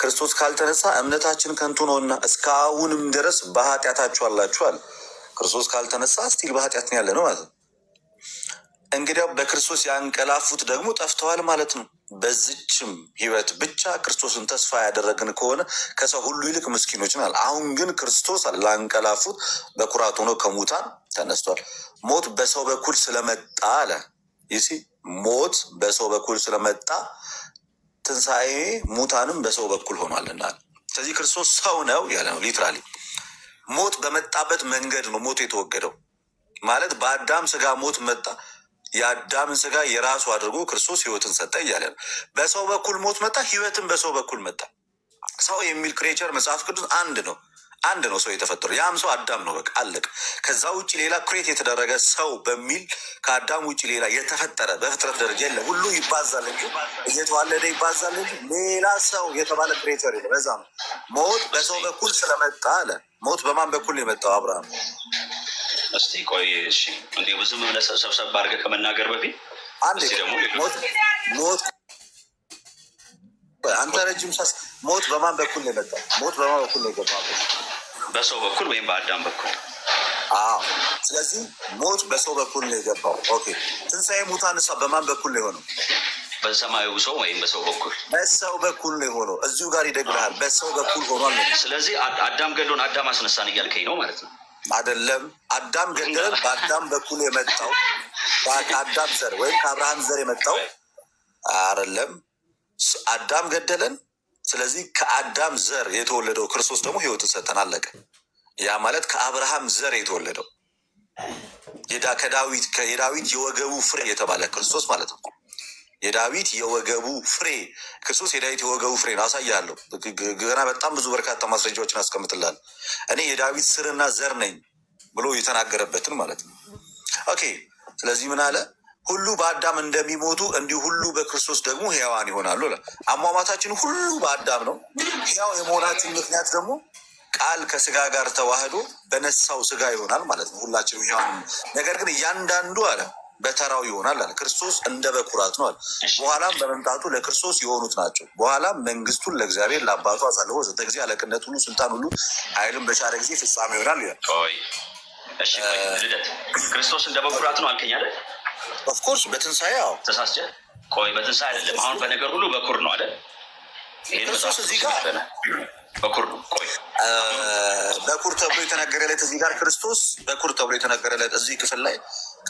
ክርስቶስ ካልተነሳ እምነታችን ከንቱ ነውና እስከ አሁንም ድረስ በኃጢአታችሁ አላችኋል። ክርስቶስ ካልተነሳ ስቲል በኃጢአት ነው ያለ ነው ማለት ነው። እንግዲያው በክርስቶስ ያንቀላፉት ደግሞ ጠፍተዋል ማለት ነው። በዚችም ህይወት ብቻ ክርስቶስን ተስፋ ያደረግን ከሆነ ከሰው ሁሉ ይልቅ ምስኪኖች ናል። አሁን ግን ክርስቶስ ላንቀላፉት በኩራት ሆኖ ከሙታን ተነስቷል። ሞት በሰው በኩል ስለመጣ አለ ይሲ ሞት በሰው በኩል ስለመጣ ትንሣኤ ሙታንም በሰው በኩል ሆኗልና። ስለዚህ ክርስቶስ ሰው ነው ያለ ነው። ሊትራሊ ሞት በመጣበት መንገድ ነው ሞት የተወገደው ማለት በአዳም ስጋ ሞት መጣ። የአዳምን ስጋ የራሱ አድርጎ ክርስቶስ ህይወትን ሰጠ እያለ ነው። በሰው በኩል ሞት መጣ፣ ህይወትን በሰው በኩል መጣ። ሰው የሚል ክሬቸር መጽሐፍ ቅዱስ አንድ ነው። አንድ ነው ሰው የተፈጠረው። ያም ሰው አዳም ነው። በቃ አለቅ። ከዛ ውጭ ሌላ ክሬት የተደረገ ሰው በሚል ከአዳም ውጭ ሌላ የተፈጠረ በፍጥረት ደረጃ የለም። ሁሉ ይባዛል እንጂ እየተዋለደ ይባዛል እንጂ ሌላ ሰው የተባለ ክሬተር የለም። በዛ ነው ሞት በሰው በኩል ስለመጣ አለ። ሞት በማን በኩል የመጣው አብርሃም። እስቲ ቆይ እሺ፣ እንዲህ ብዙ ምምነት ሰብሰብ አድርገህ ከመናገር በፊት አንድ ደግሞ ሞት አንተ ረጅም ሳስ ሞት በማን በኩል ነው የመጣው? ሞት በማን በኩል ነው የገባው? በሰው በኩል ወይም በአዳም በኩል አዎ። ስለዚህ ሞት በሰው በኩል ነው የገባው። ኦኬ። ትንሣኤ ሙታን እሷ በማን በኩል ነው የሆነው? በሰማዩ ሰው ወይም በሰው በኩል በሰው በኩል ነው የሆነው። እዚሁ ጋር ይደግልሃል። በሰው በኩል ሆኗል። ስለዚህ አዳም ገድሎን አዳም አስነሳን እያልከኝ ነው ማለት ነው? አይደለም። አዳም ገደለን በአዳም በኩል የመጣው ከአዳም ዘር ወይም ከአብርሃም ዘር የመጣው አይደለም። አዳም ገደለን ስለዚህ ከአዳም ዘር የተወለደው ክርስቶስ ደግሞ ህይወትን ሰጠን፣ አለቀ። ያ ማለት ከአብርሃም ዘር የተወለደው ከዳዊት የዳዊት የወገቡ ፍሬ የተባለ ክርስቶስ ማለት ነው። የዳዊት የወገቡ ፍሬ ክርስቶስ የዳዊት የወገቡ ፍሬ ነው። አሳያለሁ፣ ገና በጣም ብዙ በርካታ ማስረጃዎችን አስቀምጥላል። እኔ የዳዊት ስርና ዘር ነኝ ብሎ የተናገረበትን ማለት ነው። ኦኬ። ስለዚህ ምን አለ? ሁሉ በአዳም እንደሚሞቱ እንዲሁ ሁሉ በክርስቶስ ደግሞ ህያዋን ይሆናሉ። አሟሟታችን ሁሉ በአዳም ነው። ሕያው የመሆናችን ምክንያት ደግሞ ቃል ከስጋ ጋር ተዋህዶ በነሳው ስጋ ይሆናል ማለት ነው። ሁላችንም ሕያዋን ነገር ግን እያንዳንዱ አለ በተራው ይሆናል አለ። ክርስቶስ እንደ በኩራት ነው አለ። በኋላም በመምጣቱ ለክርስቶስ የሆኑት ናቸው። በኋላም መንግስቱን ለእግዚአብሔር ለአባቱ አሳልፎ ዘጠ ጊዜ አለቅነት ሁሉ፣ ስልጣን ሁሉ፣ ኃይልም በቻለ ጊዜ ፍጻሜ ይሆናል ይላል። ክርስቶስ እንደ በኩራት ነው አልከኝ አይደል? ኦፍኮርስ በትንሳኤ ያው ተሳስቸ ቆይ በትንሳኤ አይደለም። አሁን በነገር ሁሉ በኩር ነው አይደል? ክርስቶስ እዚህ ጋር በኩር ነው። ቆይ በኩር ተብሎ የተነገረለት እዚህ ጋር ክርስቶስ በኩር ተብሎ የተነገረለት እዚህ ክፍል ላይ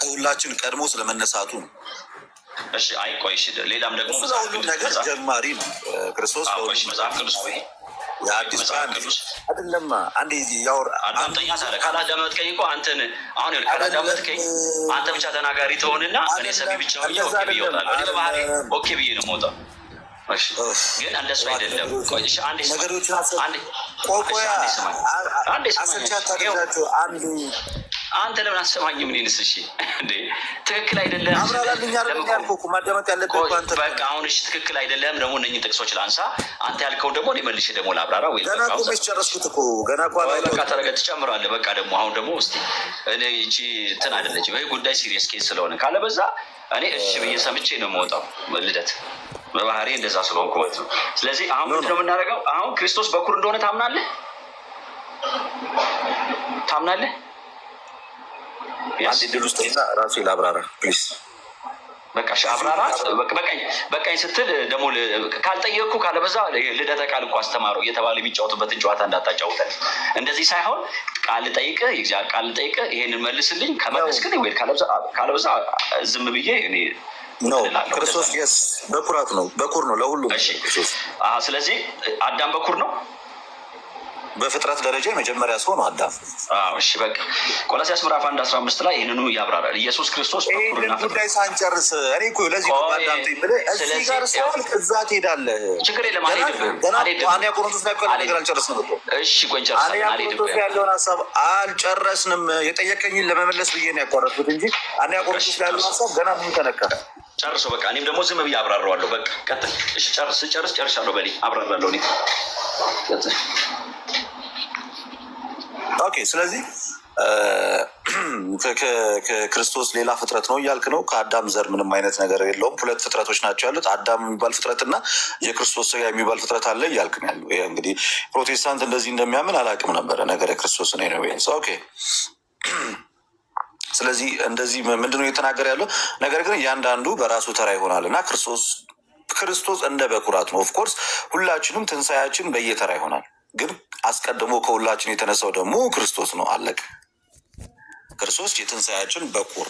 ከሁላችን ቀድሞ ስለመነሳቱ ነው። እሺ አይ ቆይ ሌላም ደግሞ ሁሉም ነገር ጀማሪ ነው ክርስቶስ መጽሐፍ ቅዱስ የአዲስ አዲስ አይደለም። አንድ ያወር አዳምጠኛ ሳለ ካላዳመጥከኝ እኮ አንተን አሁን ሆን ካላዳመጥከኝ አንተ ብቻ ተናጋሪ ትሆንና እኔ ሰፊ ብቻ ብዬ ኦኬ ብዬ ይወጣል። እኔ በባህሪ ኦኬ ብዬ ነው መውጣ፣ ግን እንደሱ አይደለም። ነገሮችን ቆቆያ አሰቻ ታደጋቸው አንዱ አንተ ለምን ምን ይንስ እሺ እንዴ ትክክል አይደለም። በቃ አሁን እሺ ትክክል አይደለም። ደግሞ እነኝን ጥቅሶች ላንሳ፣ አንተ ያልከውን ደግሞ መልሼ ደግሞ ላብራራ። ወይ በቃ ተረገጥ ትጨምራለህ። በቃ ደግሞ አሁን ደግሞ ስ እቺ እንትን አደለች ወይ ጉዳይ ሲሪየስ ኬስ ስለሆነ ካለ በዛ እኔ እሺ ብዬ ሰምቼ ነው የምወጣው። ልደት በባህሬ እንደዛ ስለሆንኩ ማለት ነው። ስለዚህ አሁን ነው የምናደርገው? አሁን ክርስቶስ በኩር እንደሆነ ታምናለህ ታምናለህ አንድ ድል ውስጥ ና ራሱ ላብራራ በቃ አብራራ በቃኝ ስትል ደግሞ ካልጠየቅኩ ካለበዛ ልደተ ቃል እኮ እየተባለ የሚጫወትበትን ጨዋታ እንዳታጫውተን። እንደዚህ ሳይሆን ቃል ልጠይቅ ቃል ልጠይቅ ይሄንን መልስልኝ ከመለስክልኝ ወይ ካለበዛ ዝም ብዬ እኔ ክርስቶስ በኩራት ነው በኩር ነው ለሁሉም። ስለዚህ አዳም በኩር ነው። በፍጥረት ደረጃ የመጀመሪያ ሰው ነው አዳም። እሺ በቃ ቆላሲያስ ምዕራፍ አንድ አስራ አምስት ላይ ይህንኑ እያብራራል ኢየሱስ ክርስቶስ ይህንን ጉዳይ ሳንጨርስ እኔ እኮ ለዚህ አዳም እዚህ ጋር ሰዋል እዛ ትሄዳለህ። ችግር የለም አልሄድብህም። አንደኛ ቆሮንቶስ ላይ ነገር አልጨረስንም እሺ፣ ቆይ እንጨርሳለን። ቆሮንቶስ ያለውን ሀሳብ አልጨረስንም። የጠየቀኝን ለመመለስ ብዬ ነው ያቋረጥኩት እንጂ አንደኛ ቆሮንቶስ ላይ ያለው ሀሳብ ገና ምን ተነቀረ ጨርሶ በቃ እኔም ደግሞ ዝም ብዬ አብራረዋለሁ። በቃ ቀጥል። እሺ ጨርስ ጨርስ ጨርሻለሁ። በሌ አብራራለሁ እኔ ቀጥል ኦኬ። ስለዚህ ከክርስቶስ ሌላ ፍጥረት ነው እያልክ ነው። ከአዳም ዘር ምንም አይነት ነገር የለውም። ሁለት ፍጥረቶች ናቸው ያሉት፣ አዳም የሚባል ፍጥረት እና የክርስቶስ ስጋ የሚባል ፍጥረት አለ እያልክ ነው ያለው። ይሄ እንግዲህ ፕሮቴስታንት እንደዚህ እንደሚያምን አላውቅም ነበረ። ነገረ ክርስቶስ ነው ነው። ኦኬ ስለዚህ እንደዚህ ምንድነው እየተናገረ ያለው ነገር ግን እያንዳንዱ በራሱ ተራ ይሆናል እና ክርስቶስ ክርስቶስ እንደ በኩራት ነው። ኦፍኮርስ ሁላችንም ትንሳያችን በየተራ ይሆናል ግን አስቀድሞ ከሁላችን የተነሳው ደግሞ ክርስቶስ ነው። አለቀ። ክርስቶስ የትንሣኤያችን በኩር፣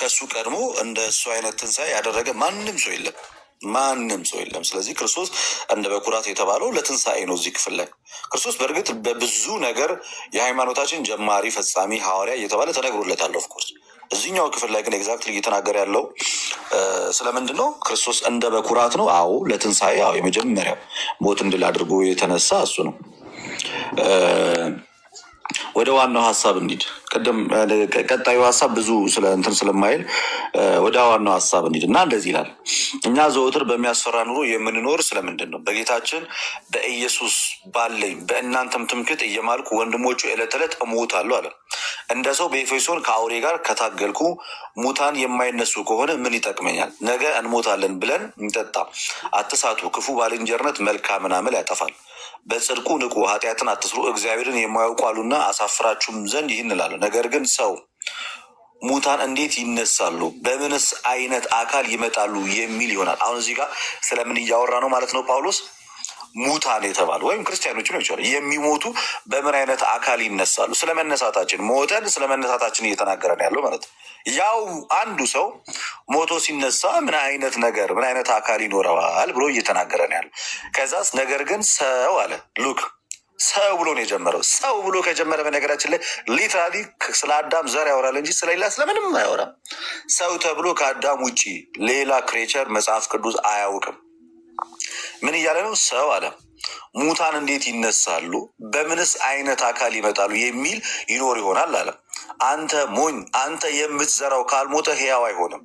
ከእሱ ቀድሞ እንደ እሱ አይነት ትንሣኤ ያደረገ ማንም ሰው የለም። ማንም ሰው የለም። ስለዚህ ክርስቶስ እንደ በኩራት የተባለው ለትንሣኤ ነው። እዚህ ክፍል ላይ ክርስቶስ በእርግጥ በብዙ ነገር የሃይማኖታችን ጀማሪ፣ ፈጻሚ፣ ሐዋርያ እየተባለ ተነግሮለታል ኦፍኮርስ እዚህኛው ክፍል ላይ ግን ኤግዛክትሊ እየተናገረ ያለው ስለምንድን ነው? ክርስቶስ እንደ በኩራት ነው። አዎ ለትንሣኤ አዎ የመጀመሪያው ሞት እንድል አድርጎ የተነሳ እሱ ነው። ወደ ዋናው ሀሳብ እንሂድ። ቅድም ቀጣዩ ሀሳብ ብዙ ስለ እንትን ስለማይል ወደ ዋናው ሀሳብ እንሂድ እና እንደዚህ ይላል። እኛ ዘወትር በሚያስፈራ ኑሮ የምንኖር ስለምንድን ነው? በጌታችን በኢየሱስ ባለኝ በእናንተም ትምክህት እየማልኩ ወንድሞቹ ዕለት ዕለት እሞታለሁ አለ። እንደ ሰው በኤፌሶን ከአውሬ ጋር ከታገልኩ ሙታን የማይነሱ ከሆነ ምን ይጠቅመኛል? ነገ እንሞታለን ብለን እንጠጣ። አትሳቱ፣ ክፉ ባልንጀርነት መልካምን አመል ያጠፋል። በጽድቁ ንቁ፣ ኃጢአትን አትስሩ፣ እግዚአብሔርን የማያውቁ አሉና አሳፍራችሁም ዘንድ ይህን እላለሁ። ነገር ግን ሰው ሙታን እንዴት ይነሳሉ? በምንስ አይነት አካል ይመጣሉ? የሚል ይሆናል። አሁን እዚህ ጋር ስለምን እያወራ ነው ማለት ነው ጳውሎስ ሙታን የተባሉ ወይም ክርስቲያኖች ነው ይችላል የሚሞቱ በምን አይነት አካል ይነሳሉ? ስለመነሳታችን ሞተን ስለመነሳታችን እየተናገረን ያለው ማለት ነው። ያው አንዱ ሰው ሞቶ ሲነሳ ምን አይነት ነገር ምን አይነት አካል ይኖረዋል ብሎ እየተናገረን ያለው። ከዛስ ነገር ግን ሰው አለ ሉክ ሰው ብሎ ነው የጀመረው። ሰው ብሎ ከጀመረ በነገራችን ላይ ሊትራሊ ስለ አዳም ዘር ያወራል እንጂ ስለሌላ ስለምንም አያወራም። ሰው ተብሎ ከአዳም ውጭ ሌላ ክሬቸር መጽሐፍ ቅዱስ አያውቅም። ምን እያለ ነው? ሰው አለ ሙታን እንዴት ይነሳሉ? በምንስ አይነት አካል ይመጣሉ? የሚል ይኖር ይሆናል አለ። አንተ ሞኝ፣ አንተ የምትዘራው ካልሞተ ህያው አይሆንም።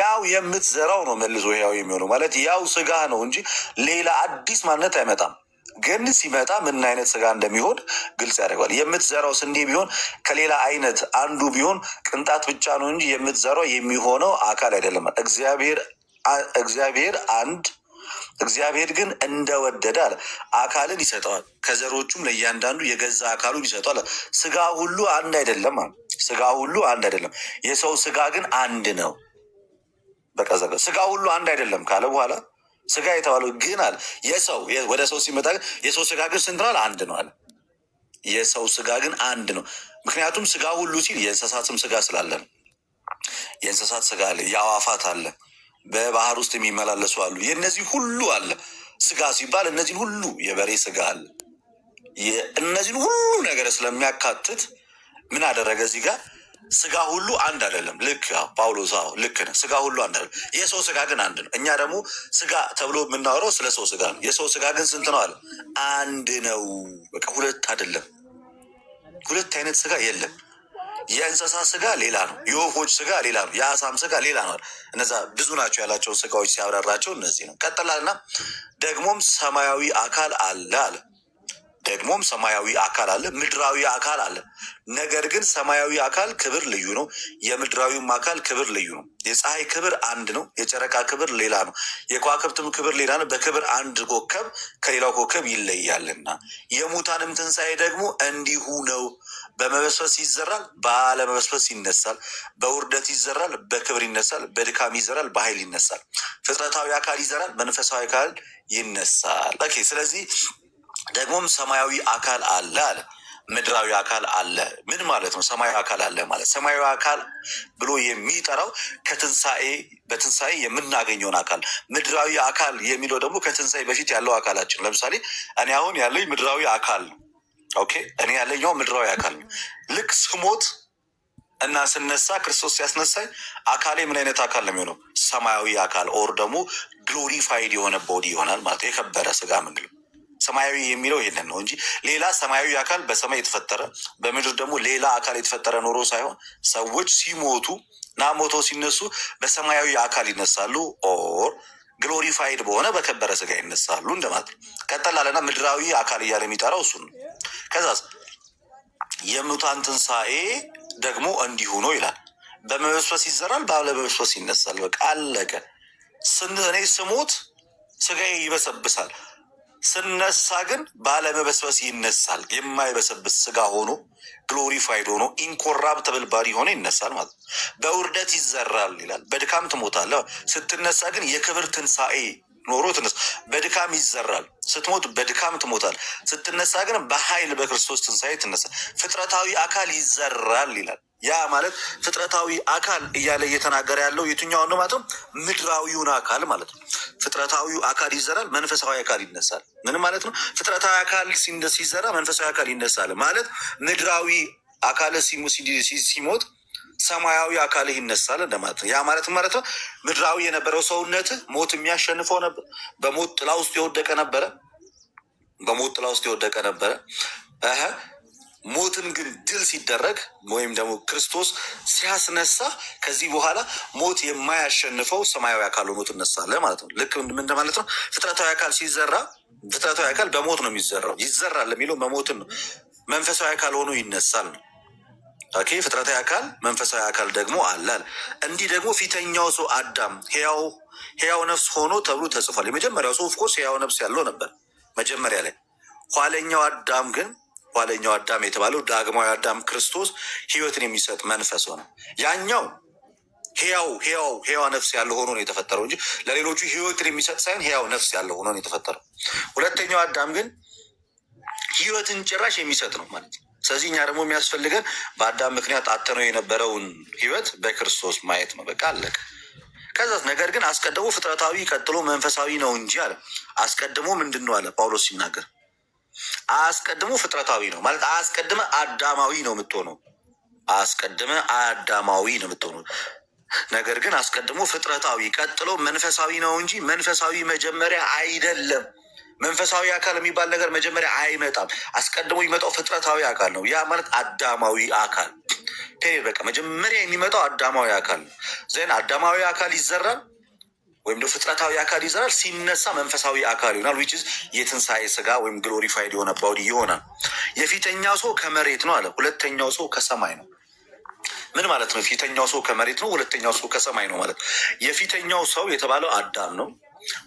ያው የምትዘራው ነው መልሶ ህያው የሚሆነው ማለት ያው ስጋ ነው እንጂ ሌላ አዲስ ማንነት አይመጣም። ግን ሲመጣ ምን አይነት ስጋ እንደሚሆን ግልጽ ያደርገዋል። የምትዘራው ስንዴ ቢሆን ከሌላ አይነት አንዱ ቢሆን ቅንጣት ብቻ ነው እንጂ የምትዘራው የሚሆነው አካል አይደለም። እግዚአብሔር እግዚአብሔር አንድ እግዚአብሔር ግን እንደወደደ አለ አካልን ይሰጠዋል፣ ከዘሮቹም ለእያንዳንዱ የገዛ አካሉን ይሰጠዋል። ስጋ ሁሉ አንድ አይደለም አለ። ስጋ ሁሉ አንድ አይደለም፣ የሰው ስጋ ግን አንድ ነው። በቃ ስጋ ሁሉ አንድ አይደለም ካለ በኋላ ስጋ የተባለው ግን አለ የሰው ወደ ሰው ሲመጣ ግን የሰው ስጋ ግን ስንት ነው? አንድ ነው አለ። የሰው ስጋ ግን አንድ ነው። ምክንያቱም ስጋ ሁሉ ሲል የእንስሳትም ስጋ ስላለ ነው። የእንስሳት ስጋ አለ፣ የአዋፋት አለ በባህር ውስጥ የሚመላለሱ አሉ። የእነዚህ ሁሉ አለ ስጋ ሲባል እነዚህን ሁሉ የበሬ ስጋ አለ። እነዚህን ሁሉ ነገር ስለሚያካትት ምን አደረገ እዚህ ጋር ስጋ ሁሉ አንድ አይደለም። ልክ ጳውሎስ አዎ ልክ ነህ። ስጋ ሁሉ አንድ አይደለም። የሰው ስጋ ግን አንድ ነው። እኛ ደግሞ ስጋ ተብሎ የምናወራው ስለ ሰው ስጋ ነው። የሰው ስጋ ግን ስንት ነው አለ? አንድ ነው። በቃ ሁለት አይደለም። ሁለት አይነት ስጋ የለም። የእንስሳ ስጋ ሌላ ነው፣ የወፎች ስጋ ሌላ ነው፣ የአሳም ስጋ ሌላ ነው። እነዛ ብዙ ናቸው ያላቸውን ስጋዎች ሲያብራራቸው እነዚህ ነው። ቀጥላልና ደግሞም ሰማያዊ አካል አለ አለ ደግሞም ሰማያዊ አካል አለ፣ ምድራዊ አካል አለ። ነገር ግን ሰማያዊ አካል ክብር ልዩ ነው፣ የምድራዊም አካል ክብር ልዩ ነው። የፀሐይ ክብር አንድ ነው፣ የጨረቃ ክብር ሌላ ነው፣ የከዋክብትም ክብር ሌላ ነው። በክብር አንድ ኮከብ ከሌላው ኮከብ ይለያልና የሙታንም ትንሣኤ ደግሞ እንዲሁ ነው። በመበስበስ ይዘራል፣ ባለመበስበስ ይነሳል። በውርደት ይዘራል፣ በክብር ይነሳል። በድካም ይዘራል፣ በኃይል ይነሳል። ፍጥረታዊ አካል ይዘራል፣ መንፈሳዊ አካል ይነሳል። ኦኬ ስለዚህ ደግሞም ሰማያዊ አካል አለ አለ። ምድራዊ አካል አለ። ምን ማለት ነው? ሰማያዊ አካል አለ ማለት ሰማያዊ አካል ብሎ የሚጠራው ከትንሣኤ በትንሣኤ የምናገኘውን አካል፣ ምድራዊ አካል የሚለው ደግሞ ከትንሣኤ በፊት ያለው አካላችን። ለምሳሌ እኔ አሁን ያለኝ ምድራዊ አካል ኦኬ፣ እኔ ያለኛው ምድራዊ አካል ነው። ልክ ስሞት እና ስነሳ ክርስቶስ ሲያስነሳኝ አካሌ ምን አይነት አካል ነው የሚሆነው? ሰማያዊ አካል ኦር ደግሞ ግሎሪፋይድ የሆነ ቦዲ ይሆናል ማለት የከበረ ስጋ ምንለው ሰማያዊ የሚለው ይሄንን ነው እንጂ ሌላ ሰማያዊ አካል በሰማይ የተፈጠረ በምድር ደግሞ ሌላ አካል የተፈጠረ ኖሮ ሳይሆን ሰዎች ሲሞቱ እና ሞተው ሲነሱ በሰማያዊ አካል ይነሳሉ ኦር ግሎሪፋይድ በሆነ በከበረ ስጋ ይነሳሉ እንደማለት ነው። ቀጠላለና ምድራዊ አካል እያለ የሚጠራው እሱ ነው። ከዛ የሙታን ትንሣኤ ደግሞ እንዲሁ ነው ይላል። በመበስበስ ይዘራል፣ ባለመበስበስ ይነሳል። በቃ አለቀ። እኔ ስሞት ስጋዬ ይበሰብሳል ስነሳ ግን ባለመበስበስ ይነሳል። የማይበሰብስ ስጋ ሆኖ ግሎሪፋይድ ሆኖ ኢንኮራፕተብል ባዲ ሆኖ ይነሳል ማለት ነው። በውርደት ይዘራል ይላል። በድካም ትሞታለህ። ስትነሳ ግን የክብር ትንሣኤ ኖሮ ትነሳ። በድካም ይዘራል። ስትሞት በድካም ትሞታል። ስትነሳ ግን በኃይል በክርስቶስ ትንሣኤ ትነሳ። ፍጥረታዊ አካል ይዘራል ይላል። ያ ማለት ፍጥረታዊ አካል እያለ እየተናገረ ያለው የትኛውን ነው? ማለትም ምድራዊውን አካል ማለት ነው። ፍጥረታዊ አካል ይዘራል፣ መንፈሳዊ አካል ይነሳል። ምንም ማለት ነው። ፍጥረታዊ አካል ሲዘራ መንፈሳዊ አካል ይነሳል ማለት ምድራዊ አካል ሲሞት ሰማያዊ አካልህ ይነሳል እንደማለት ነው። ያ ማለት ማለት ነው ምድራዊ የነበረው ሰውነት ሞት የሚያሸንፈው ነበር። በሞት ጥላ ውስጥ የወደቀ ነበረ። በሞት ጥላ ውስጥ የወደቀ ነበረ። ሞትን ግን ድል ሲደረግ ወይም ደግሞ ክርስቶስ ሲያስነሳ ከዚህ በኋላ ሞት የማያሸንፈው ሰማያዊ አካል ሆኖ ትነሳለህ ማለት ነው። ልክ ምን እንደማለት ነው? ፍጥረታዊ አካል ሲዘራ ፍጥረታዊ አካል በሞት ነው የሚዘራው። ይዘራል የሚለው በሞትን ነው። መንፈሳዊ አካል ሆኖ ይነሳል ነው ኦኬ ፍጥረታዊ አካል መንፈሳዊ አካል ደግሞ አላል። እንዲህ ደግሞ ፊተኛው ሰው አዳም ሕያው ሕያው ነፍስ ሆኖ ተብሎ ተጽፏል። የመጀመሪያው ሰው ኦፍኮርስ ሕያው ነፍስ ያለው ነበር መጀመሪያ ላይ። ኋለኛው አዳም ግን ኋለኛው አዳም የተባለው ዳግማዊ አዳም ክርስቶስ ሕይወትን የሚሰጥ መንፈስ ሆነ። ያኛው ሕያው ሕያው ሕያው ነፍስ ያለው ሆኖ ነው የተፈጠረው እንጂ ለሌሎቹ ሕይወትን የሚሰጥ ሳይሆን ሕያው ነፍስ ያለው ሆኖ ነው የተፈጠረው። ሁለተኛው አዳም ግን ሕይወትን ጭራሽ የሚሰጥ ነው ማለት ነው። ስለዚህ እኛ ደግሞ የሚያስፈልገን በአዳም ምክንያት አጥነው የነበረውን ህይወት በክርስቶስ ማየት ነው። በቃ አለቀ። ከዛ ነገር ግን አስቀድሞ ፍጥረታዊ ቀጥሎ መንፈሳዊ ነው እንጂ አለ። አስቀድሞ ምንድን ነው አለ ጳውሎስ ሲናገር፣ አስቀድሞ ፍጥረታዊ ነው ማለት አስቀድመ አዳማዊ ነው የምትሆነው። አስቀድመ አዳማዊ ነው የምትሆነው። ነገር ግን አስቀድሞ ፍጥረታዊ ቀጥሎ መንፈሳዊ ነው እንጂ መንፈሳዊ መጀመሪያ አይደለም። መንፈሳዊ አካል የሚባል ነገር መጀመሪያ አይመጣም። አስቀድሞ የሚመጣው ፍጥረታዊ አካል ነው። ያ ማለት አዳማዊ አካል ፔሬድ። በቃ መጀመሪያ የሚመጣው አዳማዊ አካል ነው። ዘን አዳማዊ አካል ይዘራል ወይም ደግሞ ፍጥረታዊ አካል ይዘራል። ሲነሳ መንፈሳዊ አካል ይሆናል። ዊችዝ ኢዝ የትንሣኤ ስጋ ወይም ግሎሪፋይድ የሆነ ባውዲ ይሆናል። የፊተኛው ሰው ከመሬት ነው አለ፣ ሁለተኛው ሰው ከሰማይ ነው። ምን ማለት ነው? ፊተኛው ሰው ከመሬት ነው፣ ሁለተኛው ሰው ከሰማይ ነው ማለት የፊተኛው ሰው የተባለው አዳም ነው።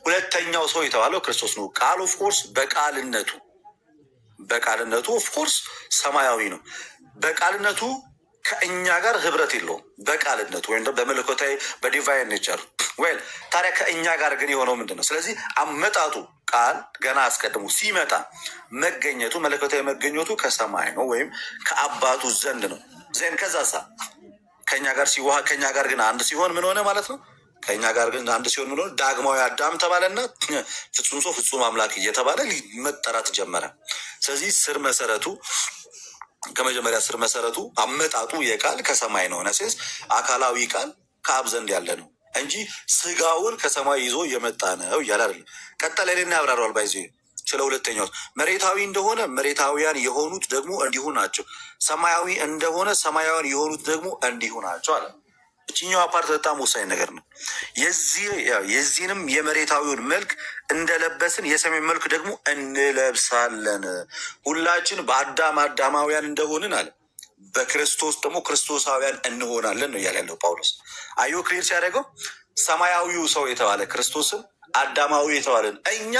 ሁለተኛው ሰው የተባለው ክርስቶስ ነው። ቃል ኦፍኮርስ በቃልነቱ በቃልነቱ ኦፍኮርስ ሰማያዊ ነው። በቃልነቱ ከእኛ ጋር ህብረት የለውም። በቃልነቱ ወይም በመለኮታዊ በዲቫይን ኔቸር ወይል ታዲያ ከእኛ ጋር ግን የሆነው ምንድን ነው? ስለዚህ አመጣጡ ቃል ገና አስቀድሞ ሲመጣ መገኘቱ መለኮታዊ መገኘቱ ከሰማይ ነው ወይም ከአባቱ ዘንድ ነው። ዜን ከዛ ሳ ከእኛ ጋር ሲዋሃ ከእኛ ጋር ግን አንድ ሲሆን ምን ሆነ ማለት ነው? ከኛ ጋር ግን አንድ ሲሆን ብሎ ዳግማዊ አዳም ተባለና ፍጹም ሰው ፍጹም አምላክ እየተባለ መጠራት ጀመረ። ስለዚህ ስር መሰረቱ ከመጀመሪያ ስር መሰረቱ አመጣጡ የቃል ከሰማይ ነው። ነሴስ አካላዊ ቃል ከአብ ዘንድ ያለ ነው እንጂ ስጋውን ከሰማይ ይዞ እየመጣ ነው እያለ አይደለም። ቀጠለ ላይ ና ያብራረዋል። ባይዚ ስለ ሁለተኛው መሬታዊ እንደሆነ መሬታዊያን የሆኑት ደግሞ እንዲሁ ናቸው፣ ሰማያዊ እንደሆነ ሰማያዊያን የሆኑት ደግሞ እንዲሁ ናቸው አለ። እችኛዋ ፓርት በጣም ወሳኝ ነገር ነው። የዚህንም የመሬታዊውን መልክ እንደለበስን የሰሜን መልክ ደግሞ እንለብሳለን። ሁላችን በአዳም አዳማውያን እንደሆንን አለ በክርስቶስ ደግሞ ክርስቶሳውያን እንሆናለን ነው እያለ ያለው ጳውሎስ። አዮ ክሊር ሲያደርገው ሰማያዊው ሰው የተባለ ክርስቶስም አዳማዊ የተባለን እኛ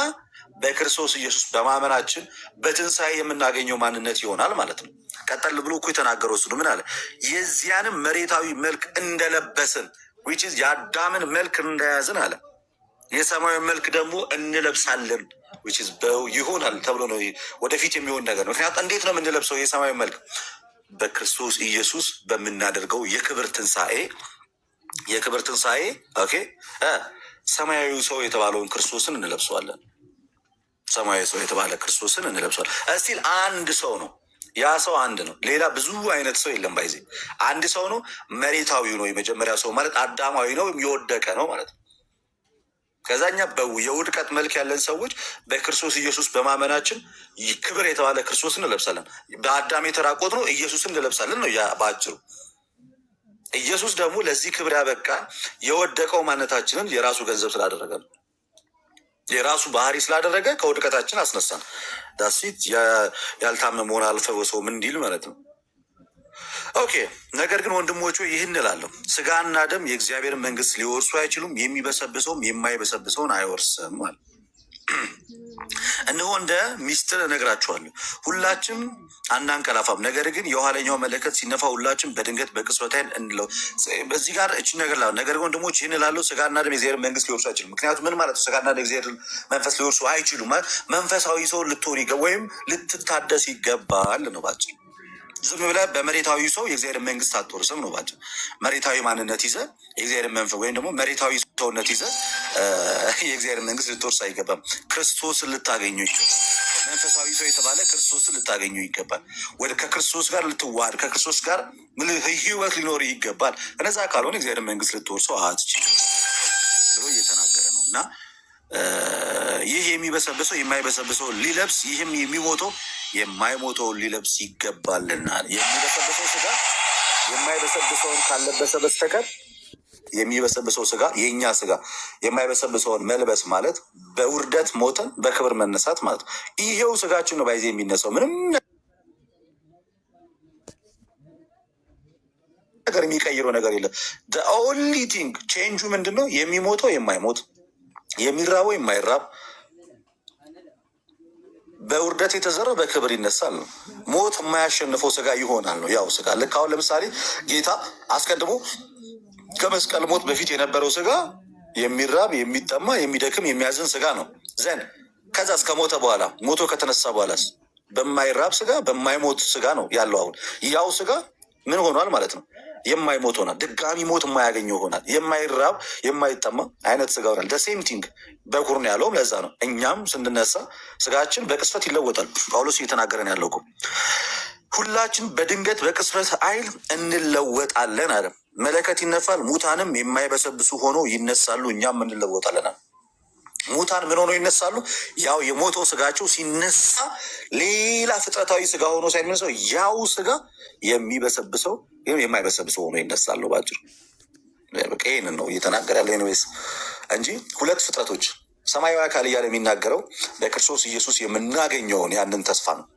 በክርስቶስ ኢየሱስ በማመናችን በትንሣኤ የምናገኘው ማንነት ይሆናል ማለት ነው። ቀጠል ብሎ እኮ የተናገረው እሱ ምን አለ? የዚያንም መሬታዊ መልክ እንደለበስን ዊች የአዳምን መልክ እንደያዝን አለ የሰማያዊ መልክ ደግሞ እንለብሳለን ዊች ይሆናል ተብሎ ነው። ወደፊት የሚሆን ነገር ነው። ምክንያቱ እንዴት ነው የምንለብሰው የሰማያዊ መልክ? በክርስቶስ ኢየሱስ በምናደርገው የክብር ትንሣኤ የክብር ትንሣኤ ኦኬ ሰማያዊ ሰው የተባለውን ክርስቶስን እንለብሰዋለን። ሰማያዊ ሰው የተባለ ክርስቶስን እንለብሷል። እስቲል አንድ ሰው ነው። ያ ሰው አንድ ነው። ሌላ ብዙ አይነት ሰው የለም። ባይዜ አንድ ሰው ነው። መሬታዊ ነው። የመጀመሪያ ሰው ማለት አዳማዊ ነው፣ የወደቀ ነው ማለት ነው። ከዛኛ የውድቀት መልክ ያለን ሰዎች በክርስቶስ ኢየሱስ በማመናችን ክብር የተባለ ክርስቶስ እንለብሳለን። በአዳም የተራቆት ነው ኢየሱስ እንለብሳለን ነው በአጭሩ። ኢየሱስ ደግሞ ለዚህ ክብር ያበቃ የወደቀው ማነታችንን የራሱ ገንዘብ ስላደረገ ነው። የራሱ ባህሪ ስላደረገ ከውድቀታችን አስነሳን። ዳሲት ያልታመመውን አልፈወሰውም እንዲል ማለት ነው። ኦኬ ነገር ግን ወንድሞቹ ይህን እላለሁ፣ ስጋና ደም የእግዚአብሔር መንግስት ሊወርሱ አይችሉም፣ የሚበሰብሰውም የማይበሰብሰውን አይወርስም አለ። እነሆ እንደ ሚስጥር እነግራችኋለሁ፣ ሁላችም አናንቀላፋም። ነገር ግን የኋለኛው መለከት ሲነፋ ሁላችን በድንገት በቅጽበት ዓይን እንለው። በዚህ ጋር እች ነገር ላ ነገር ግን ወንድሞች ይህን እላለሁ፣ ስጋና ደም የእግዚአብሔር መንግስት ሊወርሱ አይችሉም። ምክንያቱም ምን ማለት ነው? ስጋና ደም የእግዚአብሔር መንፈስ ሊወርሱ አይችሉም። መንፈሳዊ ሰው ልትሆን ወይም ልትታደስ ይገባል ነው ባጭ ዝም ብለህ በመሬታዊ ሰው የእግዚአብሔር መንግስት አትወርስም ነው ባጭ። መሬታዊ ማንነት ይዘ የእግዚአብሔር መንፈስ ወይም ደግሞ መሬታዊ ሰውነት ይዘ የእግዚአብሔር መንግስት ልትወርስ አይገባም። ክርስቶስን ልታገኙ ይችላል። መንፈሳዊ ሰው የተባለ ክርስቶስን ልታገኙ ይገባል። ወደ ከክርስቶስ ጋር ልትዋሃድ፣ ከክርስቶስ ጋር ህይወት ሊኖር ይገባል። እነዛ ካልሆነ እግዚአብሔር መንግስት ልትወርሰው አትችልም ብሎ እየተናገረ ነው እና ይህ የሚበሰብሰው የማይበሰብሰው ሊለብስ ይህም የሚሞተው የማይሞተውን ሊለብስ ይገባልና የሚበሰብሰው ስጋ የማይበሰብሰውን ካለበሰ በስተቀር የሚበሰብሰው ስጋ የእኛ ስጋ የማይበሰብሰውን መልበስ ማለት በውርደት ሞተን በክብር መነሳት ማለት ነው። ይሄው ስጋችን ነው ባይዜ የሚነሳው ምንም ነገር የሚቀይረው ነገር የለም። ኦንሊ ቲንግ ቼንጁ ምንድን ነው? የሚሞተው የማይሞት የሚራበው የማይራብ በውርደት የተዘረ በክብር ይነሳል ነው። ሞት የማያሸንፈው ስጋ ይሆናል ነው ያው ስጋ ልክ አሁን ለምሳሌ ጌታ አስቀድሞ ከመስቀል ሞት በፊት የነበረው ስጋ የሚራብ የሚጠማ የሚደክም የሚያዝን ስጋ ነው ዘን ከዛ እስከሞተ በኋላ ሞቶ ከተነሳ በኋላስ በማይራብ ስጋ በማይሞት ስጋ ነው ያለው አሁን ያው ስጋ ምን ሆኗል ማለት ነው? የማይሞት ሆናል። ድጋሚ ሞት የማያገኘው ሆናል። የማይራብ የማይጠማ አይነት ስጋ ሆናል። ደሴም ቲንግ በኩር ነው ያለውም ለዛ ነው። እኛም ስንነሳ ስጋችን በቅስፈት ይለወጣል። ጳውሎስ እየተናገረን ያለው ሁላችን በድንገት በቅስፈት አይል እንለወጣለን አለ። መለከት ይነፋል፣ ሙታንም የማይበሰብሱ ሆኖ ይነሳሉ፣ እኛም እንለወጣለን አለ። ሙታን ምን ሆነው ይነሳሉ? ያው የሞተው ስጋቸው ሲነሳ ሌላ ፍጥረታዊ ስጋ ሆኖ ሳይነሳው ያው ስጋ የሚበሰብሰው የማይበሰብሰው ሆኖ ይነሳሉ። ባጭሩ ይህንን ነው እየተናገረ ያለ ኒዌስ እንጂ ሁለት ፍጥረቶች ሰማያዊ አካል እያለ የሚናገረው በክርስቶስ ኢየሱስ የምናገኘውን ያንን ተስፋ ነው።